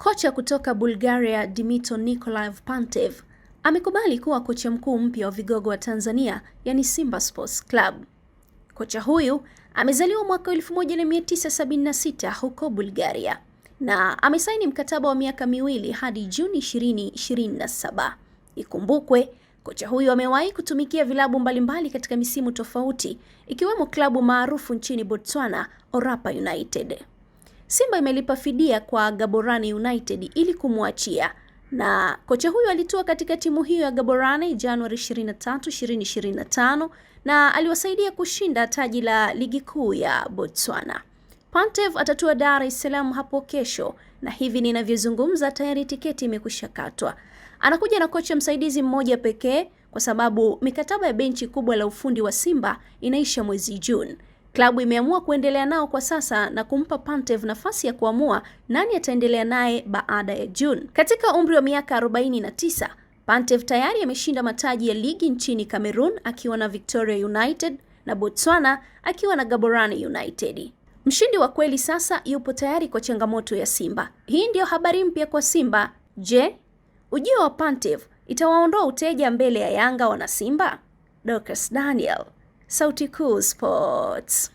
Kocha kutoka Bulgaria Dimitar Nikolaev Pantev amekubali kuwa kocha mkuu mpya wa vigogo wa Tanzania yani Simba Sports Club. Kocha huyu amezaliwa mwaka 1976 huko Bulgaria na amesaini mkataba wa miaka miwili hadi Juni 2027. Ikumbukwe, kocha huyu amewahi kutumikia vilabu mbalimbali katika misimu tofauti ikiwemo klabu maarufu nchini Botswana, Orapa United. Simba imelipa fidia kwa gaborane United ili kumwachia na kocha huyo alitua katika timu hiyo ya gaborane Januari 23, 2025 na aliwasaidia kushinda taji la ligi kuu ya Botswana. Pantev atatua Dar es Salaam hapo kesho na hivi ninavyozungumza tayari tiketi imekushakatwa. Anakuja na kocha msaidizi mmoja pekee kwa sababu mikataba ya benchi kubwa la ufundi wa Simba inaisha mwezi Juni. Klabu imeamua kuendelea nao kwa sasa na kumpa Pantev nafasi ya kuamua nani ataendelea naye baada ya June. Katika umri wa miaka 49, Pantev tayari ameshinda mataji ya ligi nchini Cameroon akiwa na Victoria United na Botswana akiwa na Gaborone United. Mshindi wa kweli sasa yupo tayari kwa changamoto ya Simba. Hii ndiyo habari mpya kwa Simba. Je, ujio wa Pantev itawaondoa uteja mbele ya Yanga wana Simba? Dorcas Daniel, Sauti Kuu Sports.